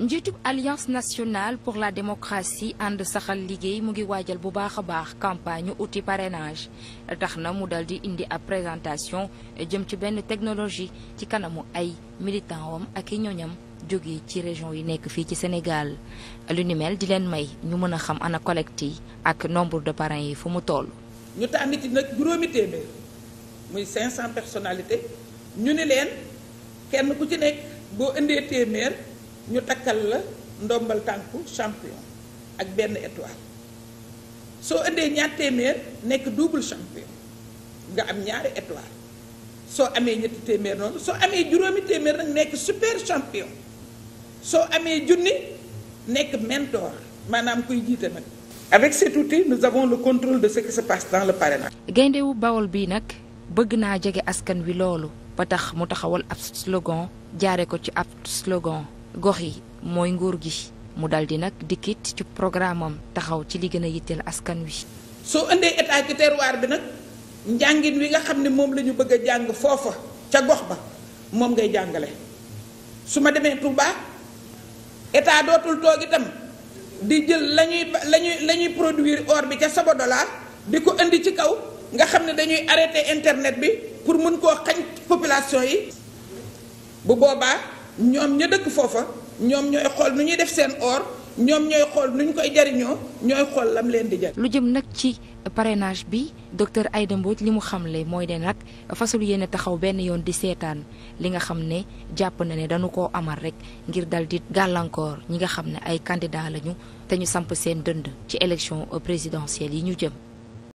njiitub alliance nationale pour la démocratie ànd saxal liggéey mu ngi waajal bu baax a baax campagne outil parrainage tax na mu dal di indi ab présentation jëm ci benn technologie ci kanamu ay militant wam ak i ñooñam jóge ci région yi nekk fii ci Sénégal lu ni mel di leen may ñu mën a xam ana collecte yi ak nombre de parrains yi fu mu toll. ñu tànn ci nag juróomi téeméer muy 500 personnalités ñu ni leen kenn ku ci nekk boo indee téeméer. ñu takkal la ndombal tànku champion ak benn étoile soo indee ñaar téeméer nekk double champion nga am ñaari étoile soo amee ñetti téeméer noonu soo amee juróomi téeméer nag nekk super champion soo amee junni nekk mentor maanaam kuy jiite nag. avec cet outil nous avons le contrôle de ce qui se passe dans le parrainage. gayndewu bawol bii nag bëgg naa jege askan wi loolu ba tax mu taxawal ab slogan jaare ko ci ab slogan. gox yi mooy nguur gi mu dal di nag dikkit ci programme am taxaw ci li gën a yitteel askan wi. soo indee état ci terroir bi nag njàngin wi nga xam ne moom lañu bëgg a jàng foofa ca gox ba moom ngay jàngale su ma demee Touba état dootul toog itam di jël la ñuy la ñuy la or bi ca Sabodala di ko indi ci kaw nga xam ne dañuy arrêté internet bi pour mën koo xañ population yi bu boobaa. ñoom ña dëkk foofa ñoom ñooy xool nu ñuy def seen or ñoom ñooy xool nu ñu koy jariñoo ñooy xool lam leen di jar. lu jëm nag ci parrainage bi docteur Aïda Mbodj li mu xamle mooy ne nag fasul yéene taxaw benn yoon di seetaan li nga xam ne jàpp na ne dañu ko amal rek ngir dal gàllankoor ñi nga xam ne ay candidat lañu te ñu samp seen dënd ci élection présidentielle yi ñu jëm.